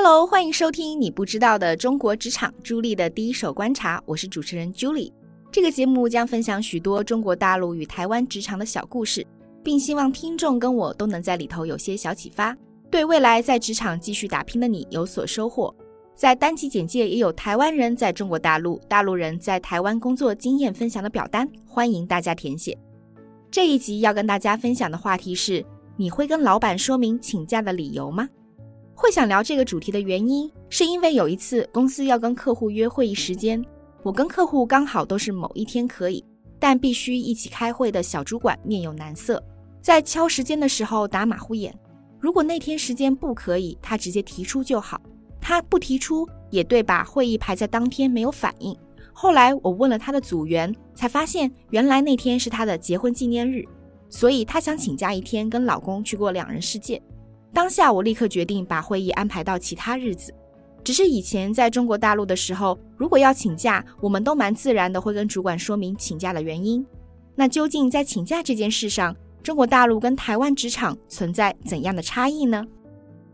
Hello，歡迎收聽你不知道的中國職場，朱俐的第一手觀察，我是主持人 Julie。這個節目將分享許多中國大陸與台灣職場的小故事，並希望聽眾跟我都能在裡頭有些小啟發，對未來在職場繼續打拼的你有所收穫。在單集簡介也有台灣人在中國大陸、大陸人在台灣工作經驗分享的表單，歡迎大家填寫。這一集要跟大家分享的話題是：你會跟老板說明請假的理由嗎？會想聊這個主題的原因，是因為有一次公司要跟客戶約會議時間，我跟客戶剛好都是某一天可以，但必須一起開會的小主管面有難色，在敲時間的時候打馬虎眼。如果那天時間不可以，他直接提出就好，他不提出也對，把會議排在當天沒有反應。後來我問了他的組員，才發現原來那天是他的結婚紀念日，所以他想請假一天跟老公去過兩人世界。當下我立刻決定把會議安排到其他日子。只是以前在中國大陸的時候，如果要請假，我們都蠻自然的會跟主管說明請假的原因。那究竟在請假這件事上，中國大陸跟台灣職場存在怎樣的差異呢？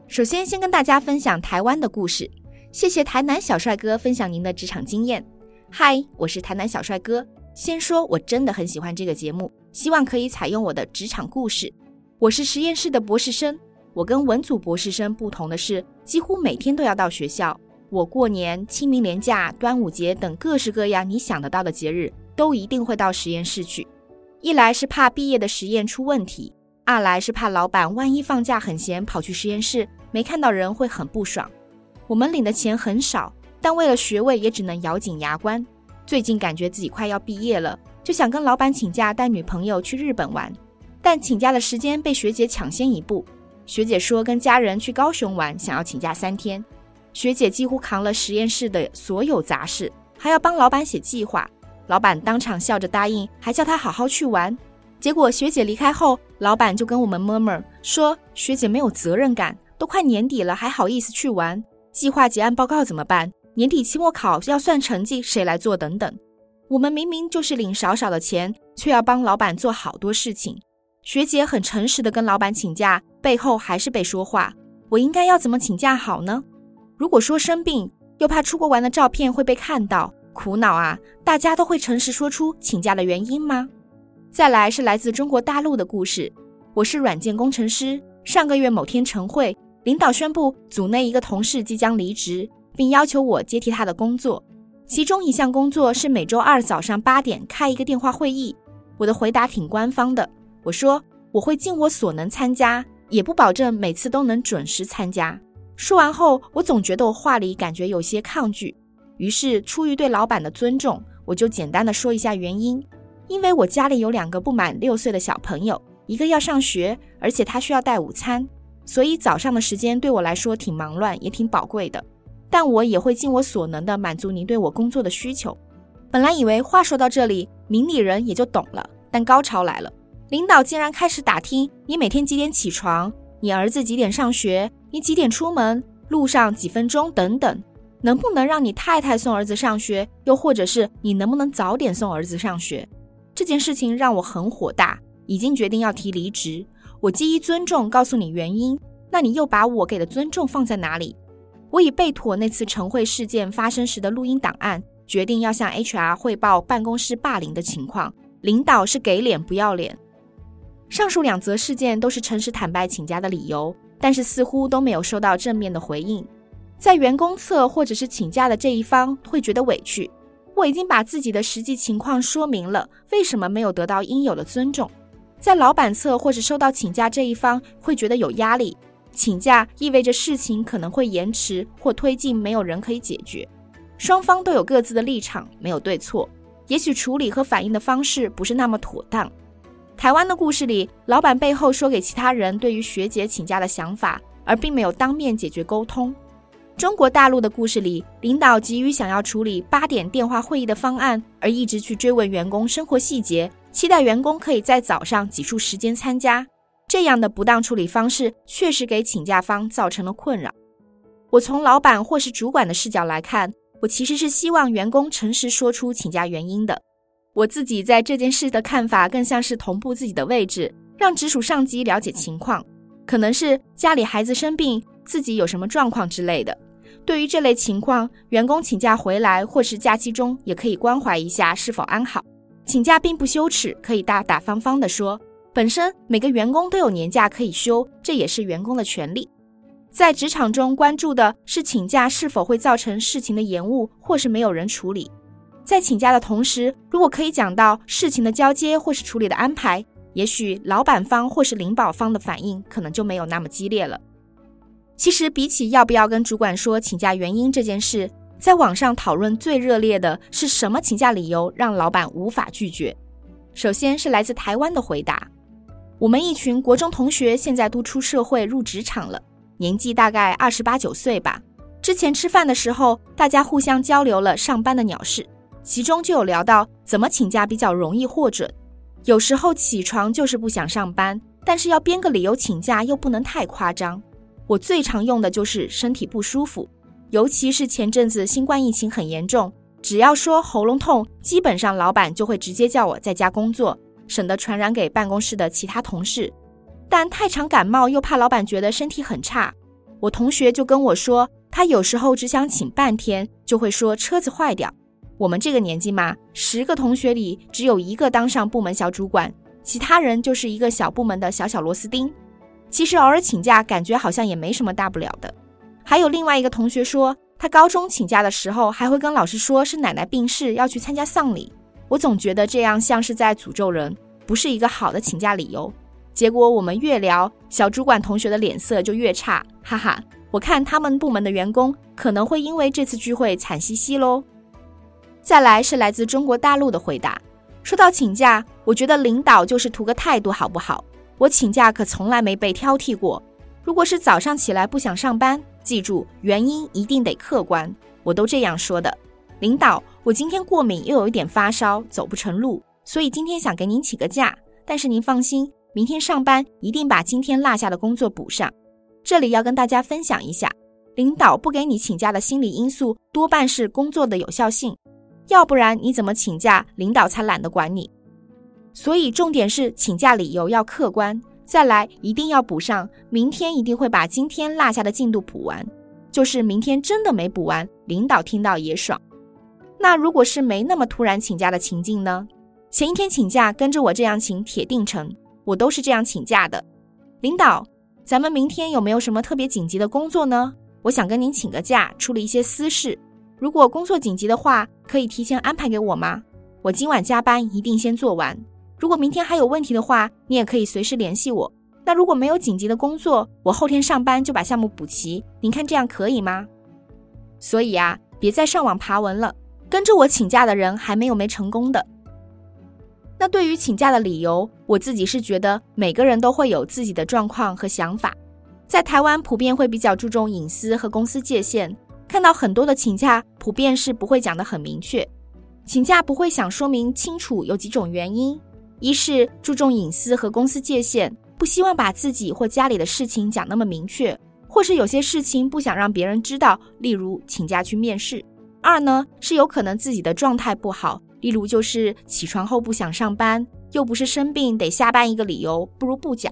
首先，先跟大家分享台灣的故事。謝謝台南小帥哥分享您的職場經驗。嗨，我是台南小帥哥。先說，我真的很喜歡這個節目，希望可以採用我的職場故事。我是實驗室的博士生。我跟文組博士生不同的是，幾乎每天都要到學校。我過年、清明連假、端午節等各式各樣你想得到的節日，都一定會到實驗室去。一來是怕畢業的實驗出問題，二來是怕老闆萬一放假很閒，跑去實驗室沒看到人會很不爽。我們領的錢很少，但為了學位也只能咬緊牙關。最近感覺自己快要畢業了，就想跟老闆請假帶女朋友去日本玩，但請假的時間被學姐搶先一步。學姐說跟家人去高雄玩，想要請假三天。學姐幾乎扛了實驗室的所有雜事，還要幫老闆寫計劃。老闆當場笑着答應，還叫她好好去玩。結果學姐離開後，老闆就跟我們 murmur 說：“學姐沒有責任感，都快年底了，還好意思去玩？計劃結案報告怎麼辦？年底期末考要算成績，誰來做？等等，我們明明就是領少少的錢，卻要幫老闆做好多事情。”學姐很誠實的跟老闆請假。背後還是被說話，我應該要怎麼請假好呢？如果說生病，又怕出國玩的照片會被看到，苦惱啊！大家都會誠實說出請假的原因嗎？再來是來自中國大陸的故事，我是軟件工程師。上個月某天晨會，領導宣布組內一個同事即將離職，並要求我接替他的工作。其中一項工作是每周二早上八點開一個電話會議。我的回答挺官方的，我說我會盡我所能參加。也不保證每次都能準時參加。說完後，我總覺得我話裡感覺有些抗拒，於是出於對老闆的尊重，我就簡單的說一下原因。因為我家裡有兩個不滿六歲的小朋友，一個要上學，而且他需要帶午餐，所以早上的時間對我來說挺忙亂，也挺寶貴的。但我也會盡我所能的滿足您對我工作的需求。本來以為話說到這裡，明理人也就懂了，但高潮來了。領導竟然開始打聽你每天幾點起床，你兒子幾點上學，你幾點出門，路上幾分鐘等等，能不能讓你太太送兒子上學，又或者是你能不能早點送兒子上學？這件事情讓我很火大，已經決定要提離職。我基於尊重告訴你原因，那你又把我給的尊重放在哪裡？我已備妥那次晨會事件發生時的錄音檔案，決定要向 HR 匯報辦公室霸凌的情況。領導是給臉不要臉。上述兩則事件都是誠實坦白請假的理由，但是似乎都沒有收到正面的回應。在員工側或者是請假的這一方會覺得委屈，我已經把自己的實際情況說明了，為什麼沒有得到應有的尊重？在老闆側或者收到請假這一方會覺得有壓力，請假意味着事情可能會延遲或推進，沒有人可以解決。雙方都有各自的立場，沒有對錯，也許處理和反應的方式不是那麼妥當。台灣的故事裡，老闆背後說給其他人對於學姐請假的想法，而並沒有當面解決溝通。中國大陸的故事裡，領導急於想要處理八點電話會議的方案，而一直去追問員工生活細節，期待員工可以在早上擠出時間參加。這樣的不當處理方式確實給請假方造成了困擾。我從老闆或是主管的視角來看，我其實是希望員工誠實說出請假原因的。我自己在這件事的看法更像是同步自己的位置，讓直屬上級了解情況，可能是家裡孩子生病，自己有什麼狀況之類的。對於這類情況，員工請假回來或是假期中，也可以關懷一下是否安好。請假並不羞恥，可以大大方方地說。本身每個員工都有年假可以休，這也是員工的權利。在職場中，關注的是請假是否會造成事情的延誤，或是沒有人處理。在請假的同時，如果可以講到事情的交接或是處理的安排，也許老板方或是領導方的反應可能就沒有那麼激烈了。其實，比起要不要跟主管說請假原因這件事，在網上討論最熱烈的是什麼請假理由讓老板無法拒絕。首先是來自台灣的回答：我們一群國中同學現在都出社會入職場了，年紀大概二十八九歲吧。之前吃飯的時候，大家互相交流了上班的鳥事。其中就有聊到怎麼請假比較容易獲准，有時候起床就是不想上班，但是要編個理由請假又不能太誇張。我最常用的就是身體不舒服，尤其是前陣子新冠疫情很嚴重，只要說喉嚨痛，基本上老闆就會直接叫我在家工作，省得傳染給辦公室的其他同事。但太常感冒又怕老闆覺得身體很差，我同學就跟我說，他有時候只想請半天，就會說車子壞掉。我們這個年紀嘛，十個同學裡只有一個當上部門小主管，其他人就是一個小部門的小小螺絲釘。其實偶爾請假，感覺好像也沒什麼大不了的。還有另外一個同學說，他高中請假的時候還會跟老師說，是奶奶病逝，要去參加喪禮。我總覺得這樣像是在詛咒人，不是一個好的請假理由。結果我們越聊，小主管同學的臉色就越差，哈哈！我看他們部門的員工可能會因為這次聚會慘兮兮嘍。再來是來自中國大陸的回答。說到請假，我覺得領導就是圖個態度好不好。我請假可從來沒被挑剔過。如果是早上起來不想上班，記住原因一定得客觀。我都這樣說的。領導，我今天過敏又有一點發燒，走不成路，所以今天想給您請個假。但是您放心，明天上班一定把今天落下的工作補上。這裡要跟大家分享一下，領導不給你請假的心理因素多半是工作的有效性。要不然你怎麼請假，領導才懶得管你。所以重點是請假理由要客觀，再來一定要補上，明天一定會把今天落下的進度補完。就是明天真的沒補完，領導聽到也爽。那如果是沒那麼突然請假的情境呢？前一天請假，跟着我這樣請，鐵定成。我都是這樣請假的。領導，咱們明天有沒有什麼特別緊急的工作呢？我想跟您請個假，處理一些私事。如果工作緊急的話，可以提前安排給我嗎？我今晚加班，一定先做完。如果明天還有問題的話，你也可以隨時聯繫我。那如果沒有緊急的工作，我後天上班就把項目補齊。您看這樣可以嗎？所以啊，別再上網爬文了。跟着我請假的人還沒有沒成功的。那對於請假的理由，我自己是覺得每個人都會有自己的狀況和想法。在台灣普遍會比較注重隱私和公司界限。看到很多的請假，普遍是不會講得很明確。請假不會想說明清楚有幾種原因：一是注重隱私和公司界限，不希望把自己或家裡的事情講那麼明確；或是有些事情不想讓別人知道，例如請假去面試。二呢，是有可能自己的狀態不好，例如就是起床後不想上班，又不是生病得下班一個理由，不如不講。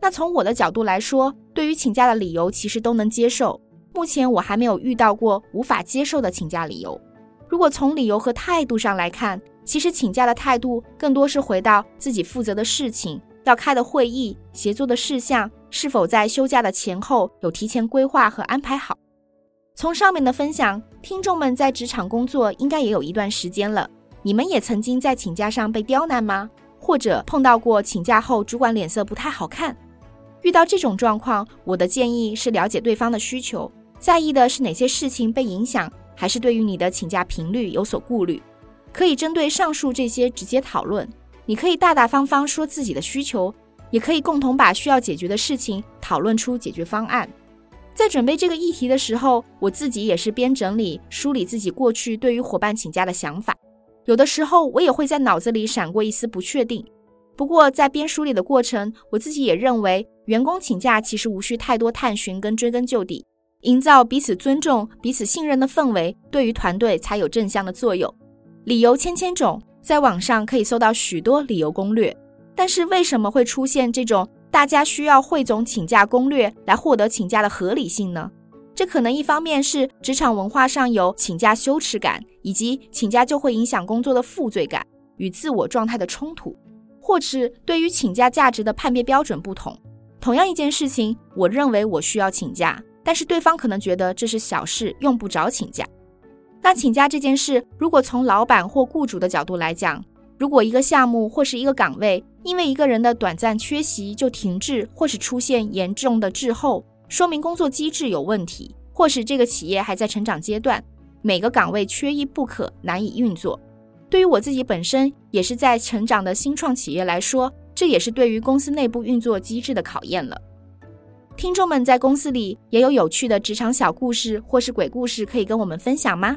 那從我的角度來說，對於請假的理由其實都能接受。目前我還沒有遇到過無法接受的請假理由。如果從理由和態度上來看，其實請假的態度更多是回到自己負責的事情、要開的會議、協作的事項，是否在休假的前後有提前規劃和安排好。從上面的分享，聽眾們在職場工作應該也有一段時間了，你們也曾經在請假上被刁難嗎？或者碰到過請假後主管臉色不太好看？遇到這種狀況，我的建議是了解對方的需求。在意的是哪些事情被影響，還是對於你的請假頻率有所顧慮？可以針對上述這些直接討論。你可以大大方方說自己的需求，也可以共同把需要解決的事情討論出解決方案。在準備這個議題的時候，我自己也是邊整理梳理自己過去對於夥伴請假的想法。有的時候我也會在腦子裡閃過一絲不確定。不過在邊梳理的過程，我自己也認為員工請假其實無需太多探尋跟追根究底。營造彼此尊重、彼此信任的氛圍，對於團隊才有正向的作用。理由千千種，在網上可以搜到許多理由攻略。但是為什麼會出現這種大家需要彙總請假攻略來獲得請假的合理性呢？這可能一方面是職場文化上有請假羞恥感，以及請假就會影響工作的負罪感與自我狀態的衝突，或是對於請假價值的判別標準不同。同樣一件事情，我認為我需要請假，但是對方可能覺得這是小事，用不着請假。那請假這件事，如果從老闆或雇主的角度來講，如果一個項目或是一個崗位因為一個人的短暫缺席就停滯，或是出現嚴重的滯後，說明工作機制有問題，或是這個企業還在成長階段，每個崗位缺一不可，難以運作。對於我自己本身也是在成長的新創企業來說，這也是對於公司內部運作機制的考驗了。聽眾們在公司裡也有有趣的職場小故事或是鬼故事可以跟我們分享嗎？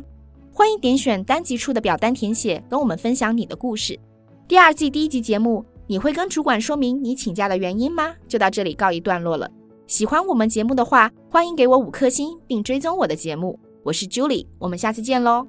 歡迎點選單集處的表單填寫，跟我們分享你的故事。第二季第一集節目，你會跟主管說明你請假的原因嗎？就到這裡告一段落了。喜歡我們節目的話，歡迎給我五顆星並追蹤我的節目。我是 Julie，我們下次見嘍。